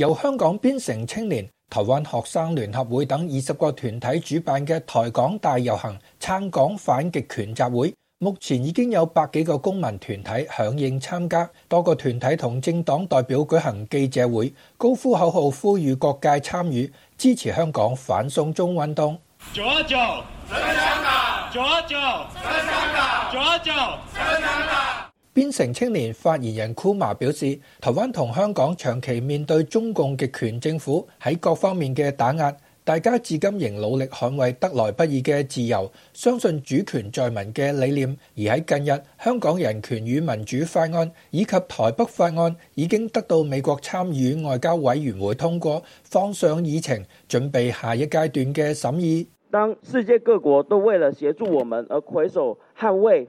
由香港邊城青年、台灣學生聯合會等二十個團體主辦嘅台港大遊行、撐港反極權集會，目前已經有百幾個公民團體響應參加，多個團體同政黨代表舉行記者會，高呼口號，呼籲各界參與支持香港反送中運動。左左，左左，左左，編成青年發言人庫馬表示：台灣同香港長期面對中共極權政府喺各方面嘅打壓，大家至今仍努力捍衛得來不易嘅自由，相信主權在民嘅理念。而喺近日，香港人權與民主法案以及台北法案已經得到美國參與外交委員會通過，放上議程，準備下一階段嘅審議。當世界各國都為了協助我們而携手捍衛。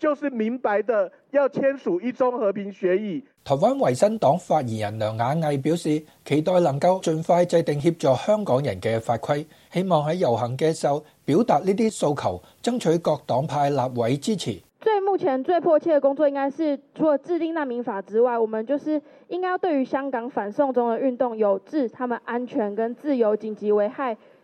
就是明白的要簽署一宗和平協議。台灣維新黨發言人梁雅藝表示，期待能夠盡快制定協助香港人嘅法規，希望喺遊行嘅時候表達呢啲訴求，爭取各黨派立委支持。最目前最迫切嘅工作，應該是除了制定難民法之外，我們就是應該要對於香港反送中嘅運動有致，他們安全跟自由緊急危害。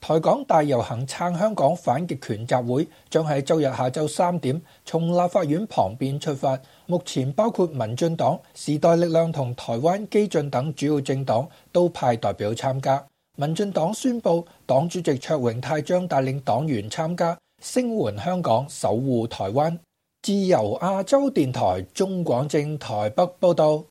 台港大遊行撐香港反極權集會，將喺周日下晝三點從立法院旁邊出發。目前包括民進黨、時代力量同台灣基進等主要政黨都派代表參加。民進黨宣布，黨主席卓榮泰將帶領黨員參加，聲援香港，守護台灣。自由亞洲電台中廣正台北報道。